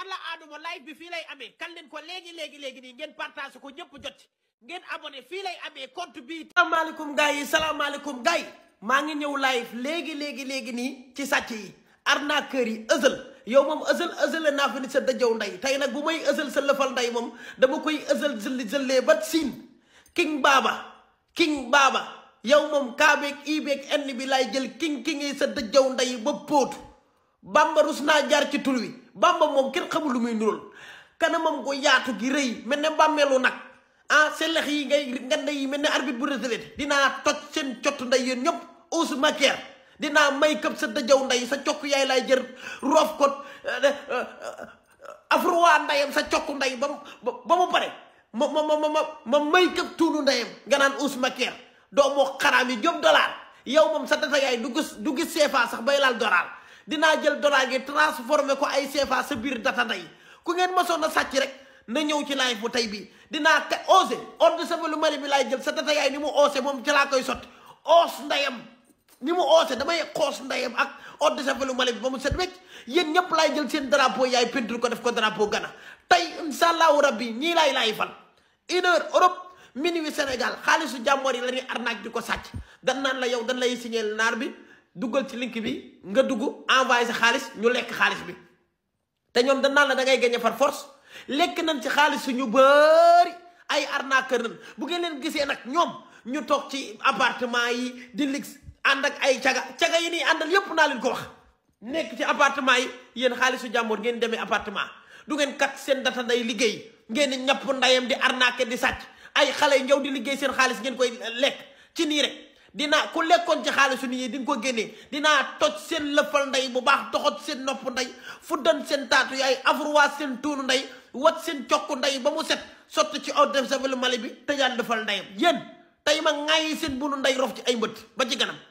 alla adama live bi fii lay amee kan leen ko léegi léegi léegi nii ngeen partage ko ñëpp jot ngeen abonné fii lay amee compte bi salaamaaleykum gars yi salaamaaleykum gars yi maa ngi ñëw live léegi léegi léegi nii ci sàcc yi arnaqueur yi ësël yow moom ësël ësël naa fi ni sa dajow ndey tey nag bu may ësël sa lëfal ndey moom dama koy ësël jëlli jëllee ba siin king baaba king baaba yow moom kaabeeg ibeeg enn bi laay jël king king yi sa dajow ndey ba pootu bambarus naa jar ci tul wi bamba moom kenn xamul lu muy nural kanamam ko yaatu gi rëy mel ne bàmmeelu nag ah seen lex yi ngay ngande yi mel ne arbitre bu retraité dinaa toj seen cott nday yéen ñëpp ausu makeer dinaa may këp sa dajaw nday sa cokk yaay laay jër roof ko eh, eh, eh, afruwaa ndayam sa cokk nday ba ba mu pare ma ma ma ma ma may këp tuunu ndayam nga naan ausu makeer doomu xaraam yi jëm dollar yow moom sa data yaay du gis du gis CFA sax bay laal dollar dinaa jël dollar gi transformé ko ay CFA sa biir data day ku ngeen masoon a sàcc rek na ñëw ci live bu tey bii dinaa ka osé ordre safelu mali bi laay jël sa data yaay ni mu osé moom ci koy sotti oos ndayam ni mu oose damay xoos ndayam ak ordre safelu mali bi set wecc yéen ñëpp laay jël seen drapeau yaay peinture ko def ko drapeau Ghana tey incha allahu rabbi ñii laay laay fal une heure Europe minuit Sénégal xaalisu jàmboor yi la ñuy arnaque di ko sàcc dan naan la yow dan lay signeel naar bi duggal ci link bi nga dugg envoyé xaalis ñu lekk xaalis bi te ñoom dañ naan la da ngay gagné par force lekk nañ ci xaalis su suñu bëri ay arnaqueur nañ bu ngeen leen gisee nag ñoom ñu toog ci appartement yi di lix ànd ak ay caga caga yi nii àndal yépp naa leen ko wax nekk ci appartement yi yéen su jàmbur ngeen demee apartement du ngeen kat seen data nday liggéey ngeen ñapp ndayam di arnaqué di sàcc ay xale yi njaw di liggéey seen xaalis ngeen koy lekk ci nii dinaa ku lekkoon ci xaalisu nit ñi di nga ko génnee dinaa toj seen lëfal ndey bu baax toxot seen nopp ndey fuddan seen taatu ay afruwaa seen tuunu ndey wat seen cokku ndey ba mu set sotti ci eau de javel mali bi tëjaat lëfal ndeyam yéen tey ma ŋaayi seen bunu ndey rof ci ay mbëtt ba ci ganam